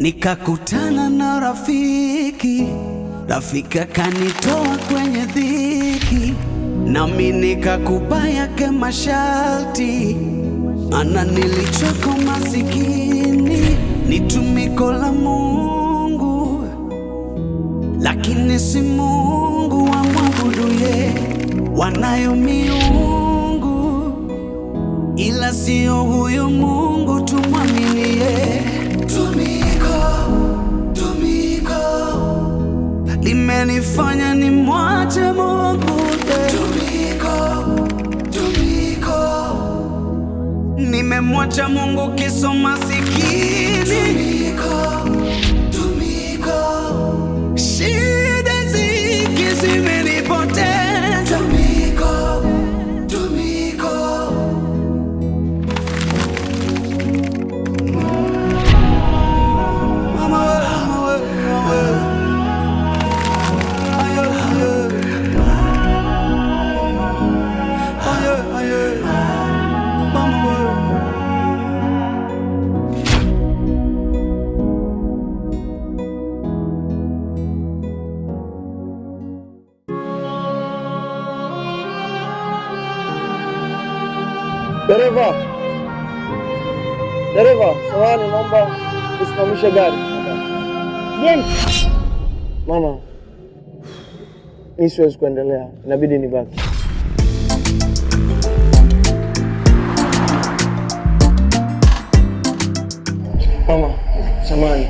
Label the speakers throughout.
Speaker 1: Nikakutana na rafiki, rafiki akanitoa kwenye dhiki, nami nikakubali yake masharti, ana nilichoko masikini, ni tumiko la Mungu, lakini si Mungu wamwabuduye, wanayo miungu, ila siyo huyo Mungu tumwaminie. limenifanya ni mwache Mungu
Speaker 2: Tumiko, Tumiko,
Speaker 1: nimemwacha Mungu, kiso masikini
Speaker 3: hiyo gari Mama, mi siwezi kuendelea, inabidi nibaki. Mama, samani,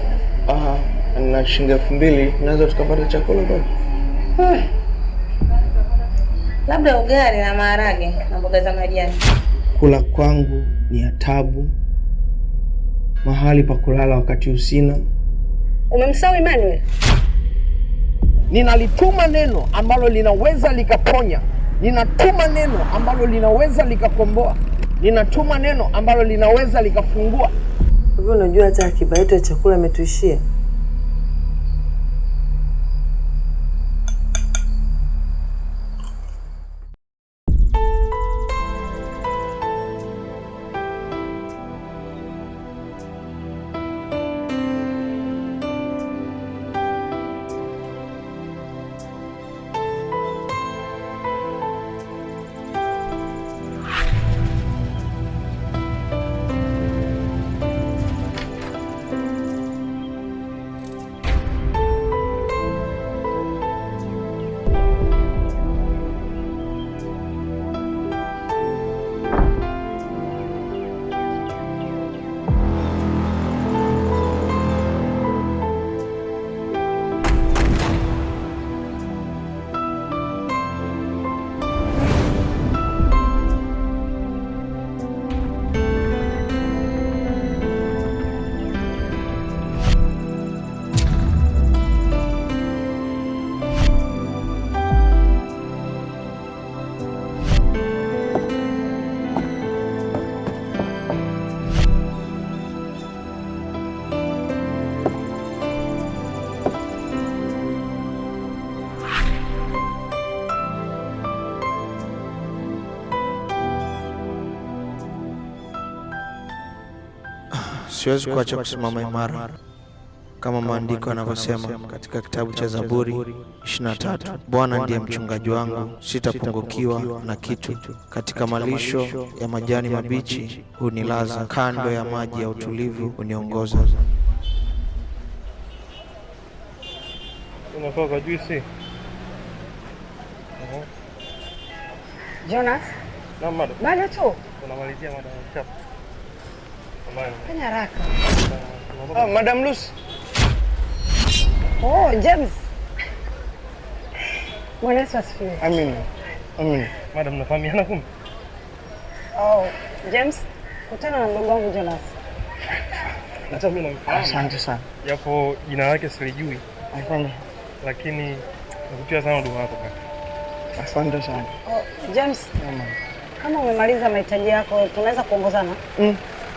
Speaker 3: na shilingi elfu mbili naweza tukapata chakula bado? Hmm. Eh.
Speaker 4: Labda ugali na maharage na mboga za majani.
Speaker 3: Kula kwangu ni tabu mahali pa kulala wakati usina.
Speaker 4: Umemsahau Emmanuel?
Speaker 3: Ninalituma neno ambalo linaweza likaponya, ninatuma neno ambalo linaweza likakomboa, ninatuma neno ambalo linaweza likafungua. Hivyo unajua hata akiba yetu ya chakula imetuishia. Siwezi kuacha kusimama imara kama maandiko yanavyosema katika kitabu cha Zaburi 23, Bwana ndiye mchungaji wangu, sitapungukiwa na kitu. Katika malisho ya majani mabichi hunilaza, kando ya maji ya utulivu huniongoza.
Speaker 4: Jonas, bado tu
Speaker 5: unamalizia mada chafu
Speaker 4: Fanya haraka.
Speaker 6: Oh, Madam Lucy.
Speaker 4: Oh, James. Bwana Yesu asifiwe.
Speaker 7: Amina. Amina.
Speaker 5: Madam, nafahamiana kumbe?
Speaker 4: Oh, James, kutana na mdogo wangu Jonas.
Speaker 5: Hata mimi namfahamu. Asante sana. Japo jina lake silijui. Asante. Lakini nakutia sana huduma yako kaka.
Speaker 7: Asante sana.
Speaker 4: Oh, James. Kama umemaliza mahitaji yako, tunaweza kuongozana?
Speaker 6: Mm.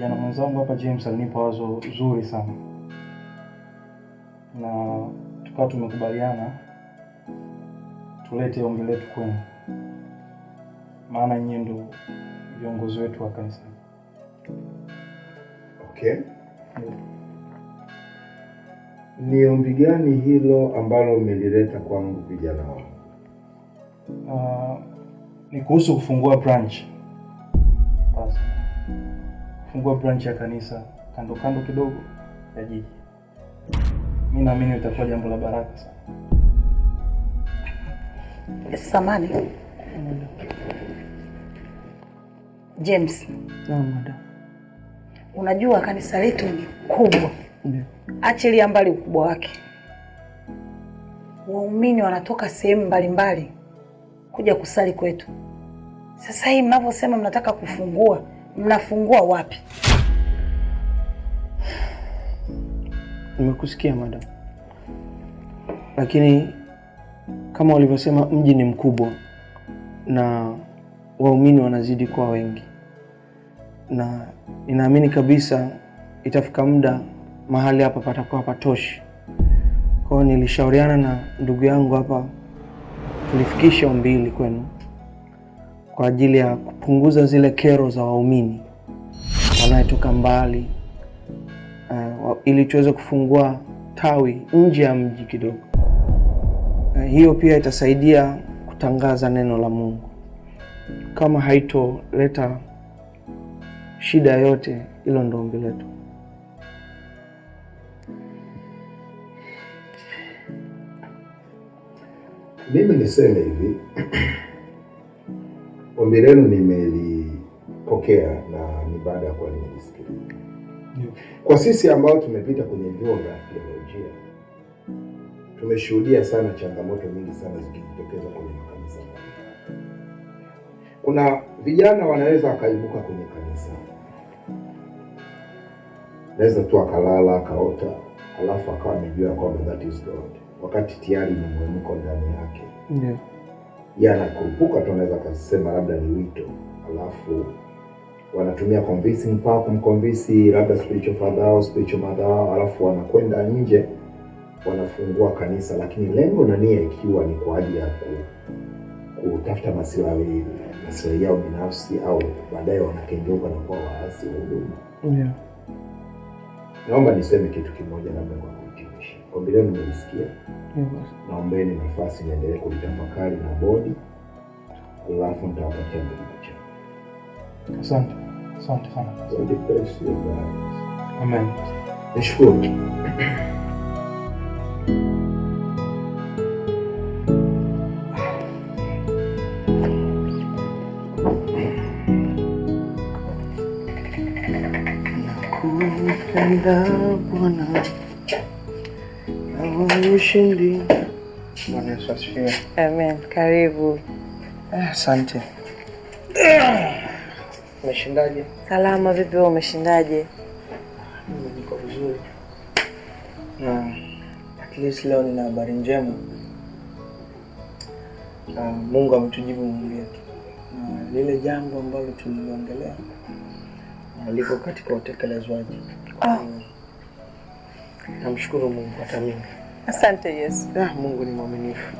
Speaker 3: kijana mwenzangu hapa James alinipa wazo zuri sana, na tukawa tumekubaliana tulete ombi letu kwenu, maana nyinyi ndio viongozi wetu wa kanisa.
Speaker 8: Okay. Ni ombi gani hilo ambalo umelileta kwangu vijana wangu?
Speaker 3: Uh, ni kuhusu kufungua branch. Basi fungua branch ya kanisa kando kando kidogo ya jiji. Mimi naamini itakuwa jambo la baraka sana.
Speaker 4: Samani. James. Naam, madam. Unajua kanisa letu ni kubwa. Ndio. Achilia mbali ukubwa wake. Waumini wanatoka sehemu mbalimbali kuja kusali kwetu. Sasa hii mnavyosema mnataka kufungua mnafungua wapi?
Speaker 3: Nimekusikia madam, lakini kama walivyosema mji ni mkubwa na waumini wanazidi kuwa wengi, na ninaamini kabisa itafika muda mahali hapa patakuwa patoshi Kwa hiyo nilishauriana na ndugu yangu hapa, tulifikisha mbili kwenu kwa ajili ya kupunguza zile kero za waumini wanaotoka mbali uh, ili tuweze kufungua tawi nje ya mji kidogo. Uh, hiyo pia itasaidia kutangaza neno la Mungu, kama haitoleta shida yote. Hilo ndo ombi letu.
Speaker 8: Mimi niseme hivi ombi lenu nimelipokea na ni baada ya kuwa nimelisikiliza. Kwa sisi ambao tumepita kwenye vyuo vya teolojia, tumeshuhudia sana changamoto nyingi sana zikijitokeza kwenye makanisa. Kuna vijana wanaweza wakaibuka kwenye kanisa, naweza tu akalala akaota, alafu akawa amejua kwamba that is God, wakati tayari ni mwemko ndani yake yeah yanakurupuka tu, anaweza kusema labda ni wito, alafu wanatumia convincing power kumconvince labda spiritual father au spiritual mother alafu wanakwenda nje wanafungua kanisa, lakini lengo na nia ikiwa ni kwa ajili ya kutafuta maslahi maslahi yao binafsi, au baadaye wanakengeuka na kuwa waasi wa huduma. Yeah. Naomba niseme kitu kimoja labda kwa ombi lenu nimelisikia, naombeni nafasi niendelee kulitafakari na bodi, alafu nitawapatia mlimacha.
Speaker 3: Asante, asante sana. Amen. Nashukuru. Nakupenda Bwana ushindi. Bwana Yesu asifiwe.
Speaker 4: Amen. Karibu.
Speaker 3: Ah, asante. Umeshindaje?
Speaker 4: Salama. Vipi wewe, umeshindaje? Niko vizuri
Speaker 3: na at least leo nina habari njema. na Mungu ametujibu maombi yetu na lile jambo ambalo tuliongelea liko katika utekelezwaji. Ah. Namshukuru Mungu hata mimi
Speaker 4: Asante Yesu.
Speaker 3: Ah, Mungu ni mwaminifu.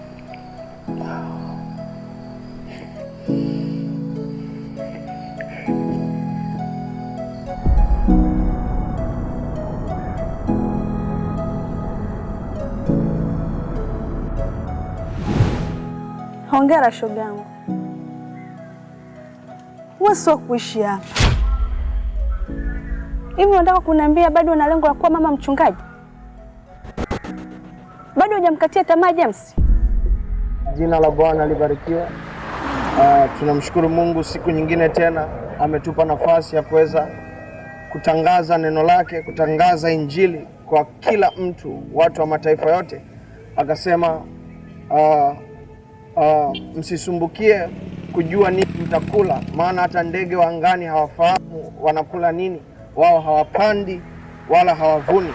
Speaker 9: Hongera shoga yangu, wewe sio kuishi hapa. Hivi unataka kuniambia bado una lengo la kuwa mama mchungaji? mkatia tamaa James.
Speaker 3: Jina la Bwana libarikiwe. Uh, tunamshukuru Mungu siku nyingine tena ametupa nafasi ya kuweza kutangaza neno lake, kutangaza injili kwa kila mtu, watu wa mataifa yote. Akasema uh, uh, msisumbukie kujua nini mtakula, maana hata ndege wa angani hawafahamu wanakula nini, wao hawapandi wala hawavuni.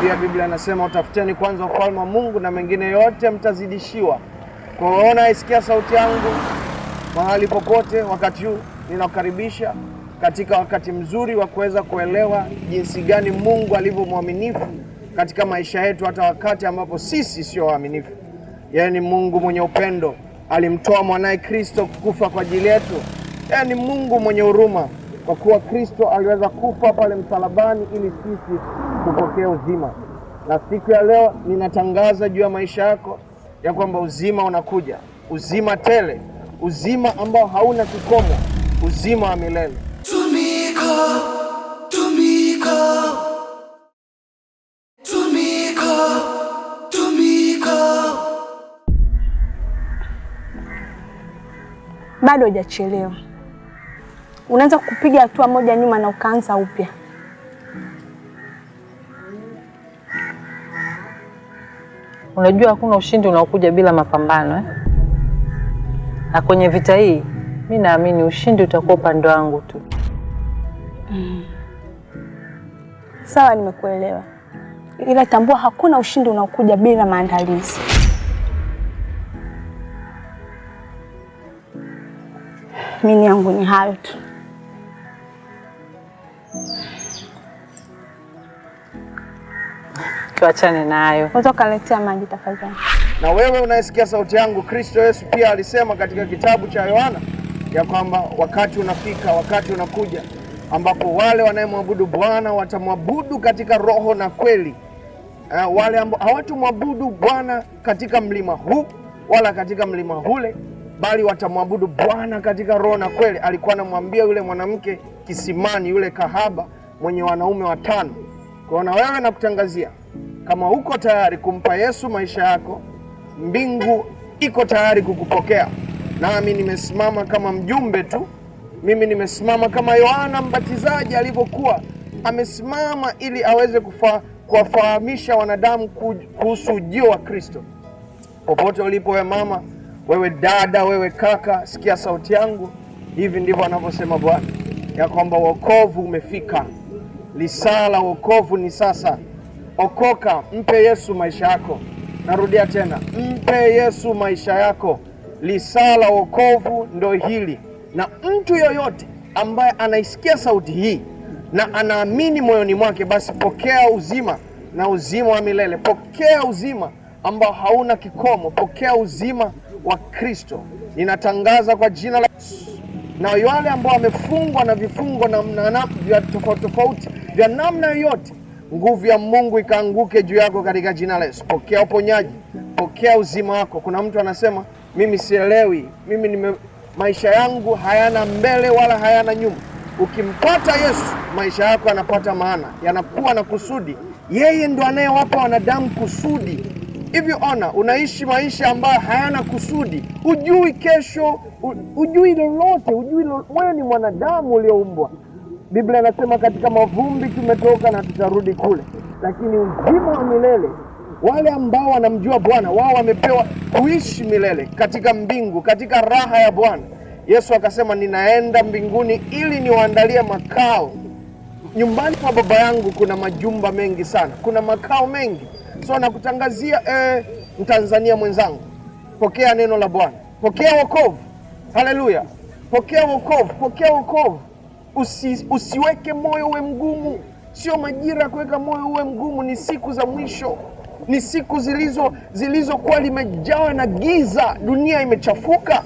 Speaker 3: Pia Biblia anasema utafuteni kwanza ufalme wa Mungu na mengine yote mtazidishiwa. Kwa hiyo unaisikia sauti yangu mahali popote wakati huu, ninakukaribisha katika wakati mzuri wa kuweza kuelewa jinsi gani Mungu alivyo mwaminifu katika maisha yetu, hata wakati ambapo sisi sio waaminifu. Yeye ni Mungu mwenye upendo, alimtoa mwanaye Kristo kufa kwa ajili yetu. Yeye ni Mungu mwenye huruma, kwa kuwa Kristo aliweza kufa pale msalabani ili sisi kupokea uzima. Na siku ya leo ninatangaza juu ya maisha yako ya kwamba uzima unakuja, uzima tele, uzima ambao hauna kikomo, uzima wa milele.
Speaker 2: Tumiko, tumiko.
Speaker 9: Bado hujachelewa, unaweza kupiga hatua moja nyuma na ukaanza upya.
Speaker 4: Unajua hakuna ushindi unaokuja bila mapambano eh? Na kwenye vita hii mi naamini ushindi utakuwa upande wangu tu. Mm.
Speaker 9: Sawa, nimekuelewa, ila tambua hakuna ushindi unaokuja bila maandalizi. Mimi yangu ni hayo tu.
Speaker 4: tuachane nayo.
Speaker 9: Unaweza maji tafadhali?
Speaker 3: Na wewe unaisikia sauti yangu, Kristo Yesu pia alisema katika kitabu cha Yohana ya kwamba wakati unafika, wakati unakuja ambapo wale wanayemwabudu Bwana watamwabudu katika roho na kweli. Uh, wale ambao hawatumwabudu Bwana katika mlima huu wala katika mlima ule, bali watamwabudu Bwana katika roho na kweli. Alikuwa anamwambia yule mwanamke kisimani, yule kahaba mwenye wanaume watano. Kwa na wewe nakutangazia kama uko tayari kumpa Yesu maisha yako, mbingu iko tayari kukupokea. Nami nimesimama kama mjumbe tu, mimi nimesimama kama Yohana Mbatizaji alivyokuwa amesimama, ili aweze kuwafahamisha wanadamu kuhusu ujio wa Kristo. Popote ulipo, we mama, wewe dada, wewe kaka, sikia sauti yangu. Hivi ndivyo anavyosema Bwana ya kwamba wokovu umefika. lisala wokovu ni sasa. Okoka, mpe Yesu maisha yako. Narudia tena, mpe Yesu maisha yako. Lisaa la wokovu ndo hili, na mtu yoyote ambaye anaisikia sauti hii na anaamini moyoni mwake, basi pokea uzima na uzima wa milele. Pokea uzima ambao hauna kikomo. Pokea uzima wa Kristo. Ninatangaza kwa jina la Na yale ambao wamefungwa na vifungo na namna tofauti tofauti vya namna yoyote Nguvu ya Mungu ikaanguke juu yako katika jina la Yesu. Pokea uponyaji, pokea uzima wako. Kuna mtu anasema mimi sielewi, mimi nime, maisha yangu hayana mbele wala hayana nyuma. Ukimpata Yesu, maisha yako yanapata maana, yanakuwa na kusudi. Yeye ndo anayewapa wanadamu kusudi. Hivyo ona, unaishi maisha ambayo hayana kusudi, hujui kesho, hujui lolote, hujui wewe ni mwanadamu ulioumbwa Biblia inasema katika mavumbi tumetoka na tutarudi kule, lakini uzima wa milele wale ambao wanamjua Bwana wao wamepewa kuishi milele katika mbingu, katika raha ya Bwana. Yesu akasema, ninaenda mbinguni ili niwaandalie makao. Nyumbani kwa Baba yangu kuna majumba mengi sana, kuna makao mengi. So nakutangazia eh, Mtanzania mwenzangu, pokea neno la Bwana, pokea wokovu. Haleluya, pokea wokovu, pokea wokovu usi, usiweke moyo uwe mgumu. Sio majira ya kuweka moyo uwe mgumu, ni siku za mwisho, ni siku zilizo zilizokuwa limejawa na giza. Dunia imechafuka,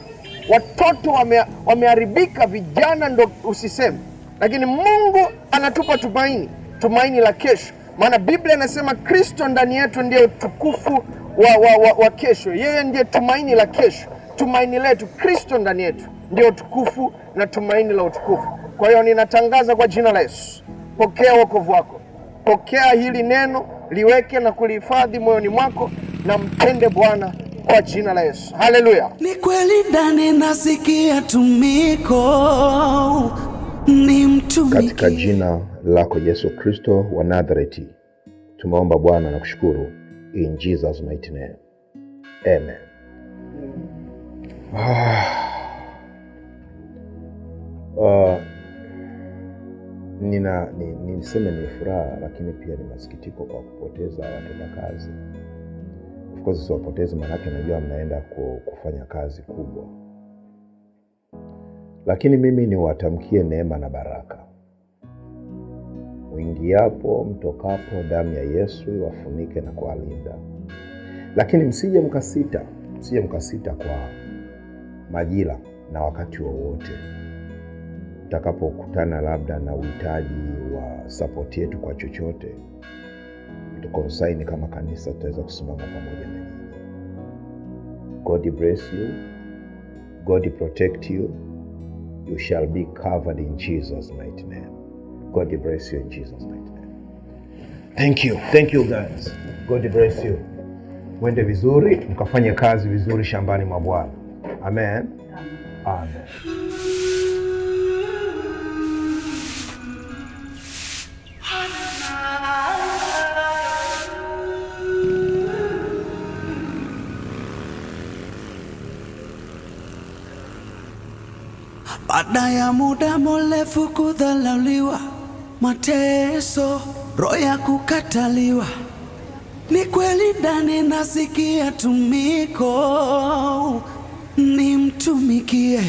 Speaker 3: watoto wame, wameharibika, vijana ndo usiseme, lakini Mungu anatupa tumaini, tumaini la kesho, maana Biblia inasema Kristo ndani yetu ndiye utukufu wa, wa, wa, wa kesho. Yeye ndiye tumaini la kesho, tumaini letu Kristo ndani yetu ndio tukufu na tumaini la utukufu. Kwa hiyo ninatangaza kwa jina la Yesu, pokea wokovu wako, pokea hili neno, liweke na kulihifadhi moyoni mwako, na mpende Bwana kwa jina la Yesu. Haleluya!
Speaker 1: Ni kweli ndani nasikia tumiko ni
Speaker 8: mtumiki. Katika jina lako Yesu Kristo wa Nazareti tumeomba Bwana na kushukuru, in Jesus mighty name amen. Ah. Oh, nina ni, niseme ni furaha lakini pia ni masikitiko kwa kupoteza watendakazi. Of course siwapotezi, maanake najua mnaenda kufanya kazi kubwa, lakini mimi niwatamkie neema na baraka. Mwingiapo mtokapo, damu ya Yesu iwafunike na kuwalinda, lakini msije mkasita, msije mkasita kwa majira na wakati wowote wa tutakapokutana labda na uhitaji wa sapoti yetu kwa chochote, tukosaini kama kanisa, tutaweza kusimama pamoja na nyinyi. God bless you, God protect you, you shall be covered in Jesus name. God bless you in Jesus name. Thank you, thank you guys. God bless you. Mwende vizuri mkafanye kazi vizuri shambani mwa Bwana. Amen, amen.
Speaker 1: Baada ya muda mrefu kudhalauliwa, mateso, roho ya kukataliwa, ni kweli ndani nasikia tumiko, nimtumikie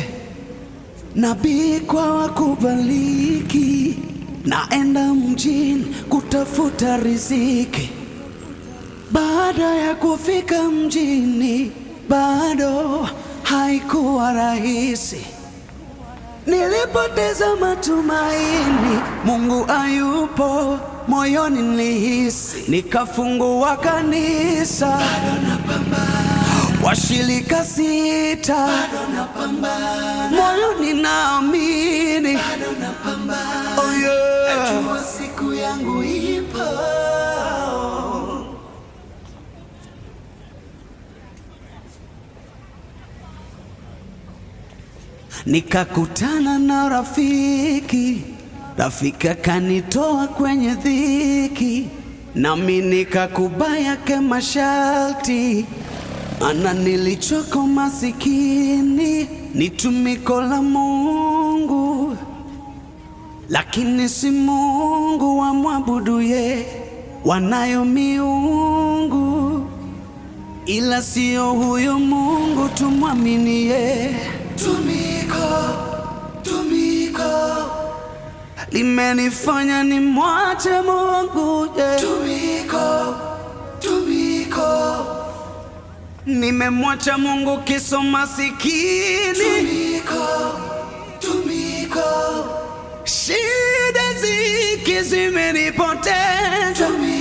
Speaker 1: nabii kwa wakubaliki, naenda mjini kutafuta riziki. Baada ya kufika mjini, bado haikuwa rahisi Nilipoteza matumaini, Mungu ayupo moyoni, nilihisi nikafungua kanisa, washirika sita, moyoni naamini, oh yeah, siku yangu ipo. nikakutana na rafiki, rafiki akanitoa kwenye dhiki, nami nikakubali yake masharti, ana nilichoko masikini ni tumiko la Mungu, lakini si Mungu wa mwabuduye, wanayo miungu ila siyo huyo Mungu tumwaminie Tumi. limenifanya ni mwache Mungu
Speaker 2: yeah. Tumiko, Tumiko,
Speaker 1: nimemwacha Mungu kiso masikini.
Speaker 2: Tumiko, Tumiko,
Speaker 1: shida ziki
Speaker 2: tumiko.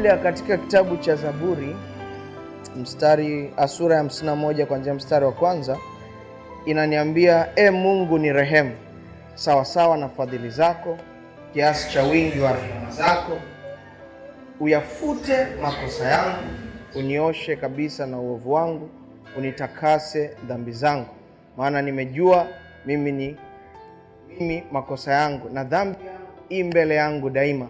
Speaker 3: Biblia katika kitabu cha Zaburi mstari ah, sura ya 51 kuanzia mstari wa kwanza inaniambia, E Mungu ni rehemu sawasawa na fadhili zako, kiasi cha wingi wa rehema zako, uyafute makosa yangu, unioshe kabisa na uovu wangu, unitakase dhambi zangu, maana nimejua mimi ni mimi makosa yangu, na dhambi yangu mbele yangu daima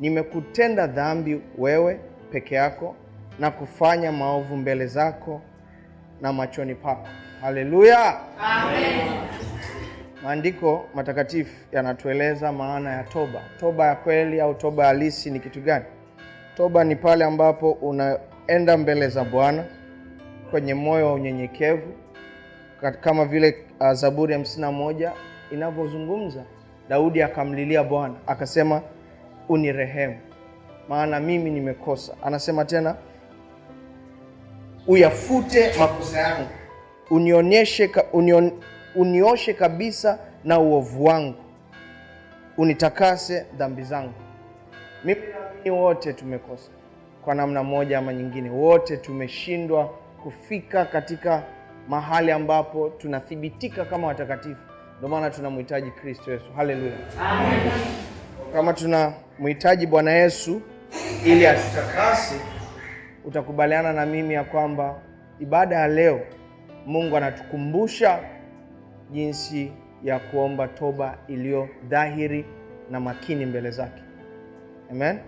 Speaker 3: nimekutenda dhambi wewe peke yako na kufanya maovu mbele zako na machoni pako. Haleluya,
Speaker 2: amen.
Speaker 3: Maandiko matakatifu yanatueleza maana ya toba. Toba ya kweli au toba halisi ni kitu gani? Toba ni pale ambapo unaenda mbele za Bwana kwenye moyo wa unyenyekevu, kama vile uh, Zaburi ya moja inavyozungumza. Daudi akamlilia Bwana akasema unirehemu, maana mimi nimekosa. Anasema tena, uyafute makosa yangu, unionyeshe union, unioshe kabisa na uovu wangu, unitakase dhambi zangu. Mimi naamini wote tumekosa kwa namna moja ama nyingine, wote tumeshindwa kufika katika mahali ambapo tunathibitika kama watakatifu. Ndio maana tunamhitaji Kristo Yesu. Haleluya, amen kama tunamhitaji Bwana Yesu ili atutakase, utakubaliana na mimi ya kwamba ibada ya leo Mungu anatukumbusha jinsi ya kuomba toba iliyo dhahiri na makini mbele zake. Amen.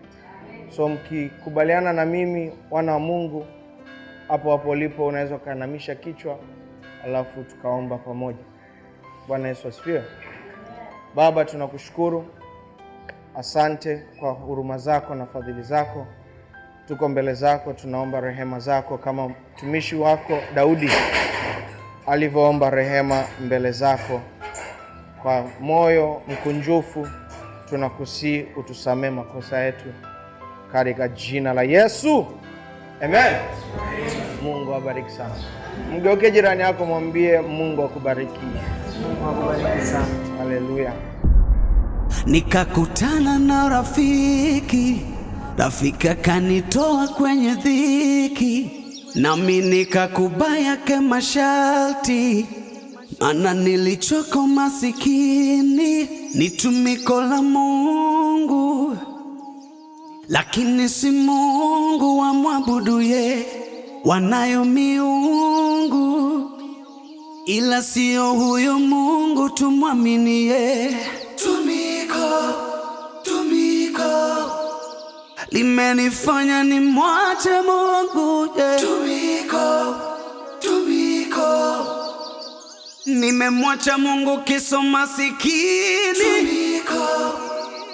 Speaker 3: So mkikubaliana na mimi wana wa Mungu, hapo hapo ulipo unaweza ukainamisha kichwa, alafu tukaomba pamoja. Bwana Yesu asifiwe. Baba, tunakushukuru Asante kwa huruma zako na fadhili zako. Tuko mbele zako, tunaomba rehema zako kama mtumishi wako Daudi alivyoomba rehema mbele zako. Kwa moyo mkunjufu tunakusii, utusamee makosa yetu katika jina la Yesu, amen. Mungu abariki sana. Mgeuke jirani yako, mwambie Mungu akubariki.
Speaker 2: Mungu akubariki sana.
Speaker 3: Haleluya
Speaker 1: nikakutana na rafiki, rafiki akanitoa kwenye dhiki, nami nikakubaya kema masharti maana nilichoko masikini, ni tumiko la Mungu, lakini si Mungu wa mwabuduye, wanayo miungu ila siyo huyo Mungu tumwaminie tumie limenifanya ni mwache Mungu
Speaker 2: yeah. Tumiko, tumiko,
Speaker 1: nimemwacha Mungu kiso masikini.
Speaker 2: Tumiko,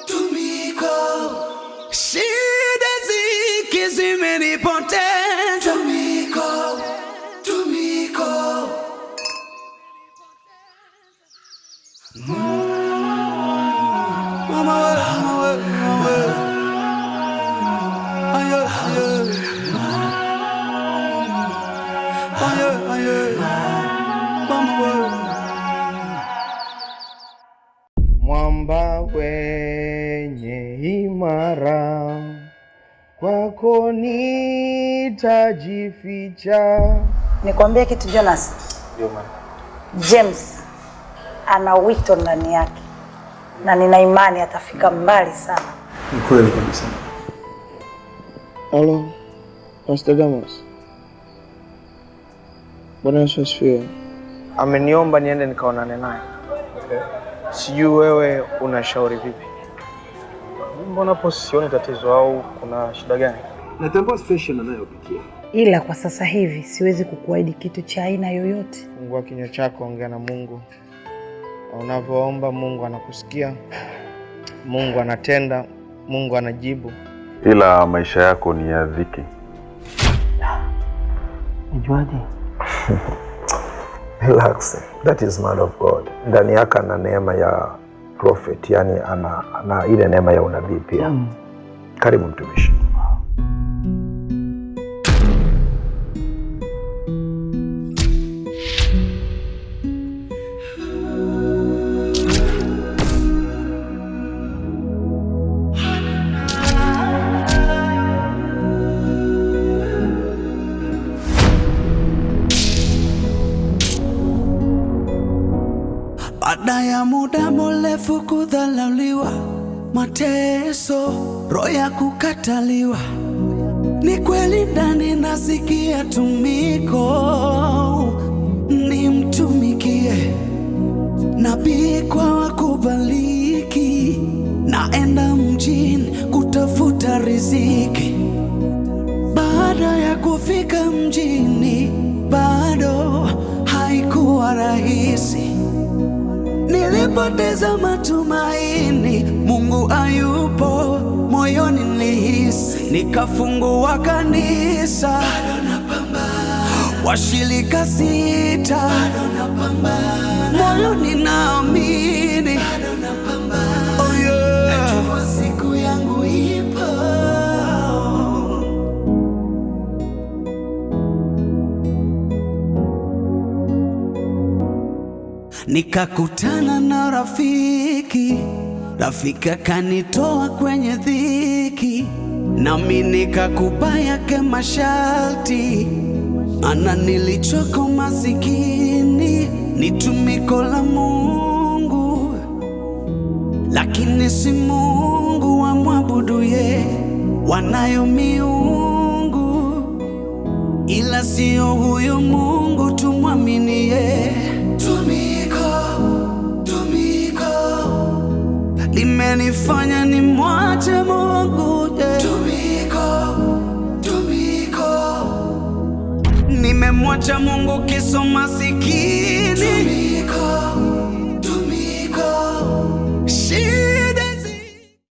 Speaker 2: tumiko,
Speaker 1: shida ziki zimenipotea kwako nitajificha.
Speaker 4: Nikwambie kitu Jonas. Yuma. James ana wito ndani yake na nina imani atafika mbali sana.
Speaker 6: Ni kweli kabisa.
Speaker 3: Halo, Pastor Damas. Bwana Yesu asifiwe.
Speaker 6: Ameniomba niende nikaonane naye. Okay. Sijui wewe unashauri vipi? Mbona hapo sioni tatizo au kuna shida gani?
Speaker 3: natambua situation anayopitia,
Speaker 4: ila kwa sasa hivi siwezi kukuahidi kitu cha aina yoyote.
Speaker 6: Fungua kinywa chako, ongea na Mungu. Unavyoomba Mungu anakusikia, Mungu anatenda, Mungu anajibu,
Speaker 8: ila maisha yako ni ya dhiki. Nijuaje? Relax. That is man of God. Ndani yake ana neema ya prophet, yani ana, ana ile neema ya unabii pia. Mm. Karibu mtumishi.
Speaker 1: Baada ya muda mrefu kudhalauliwa, mateso, roho ya kukataliwa, ni kweli ndani nasikia tumiko, nimtumikie nabii kwa wakubaliki, naenda mjini kutafuta riziki. Baada ya kufika mjini, bado haikuwa rahisi Nilipoteza matumaini, Mungu ayupo moyoni, nilihisi nikafungua kanisa, washirika sita, moyoni naamini Nikakutana na rafiki, rafiki akanitoa kwenye dhiki, nami nikakupa yake masharti, ana nilichoko masikini ni tumiko la Mungu, lakini si Mungu wa mwabuduye, wanayo miungu ila siyo huyo Mungu tumwaminie tumi Umenifanya ni mwache Mungu yeah.
Speaker 2: Tumiko, tumiko.
Speaker 1: Nimemwacha Mungu kiso masikini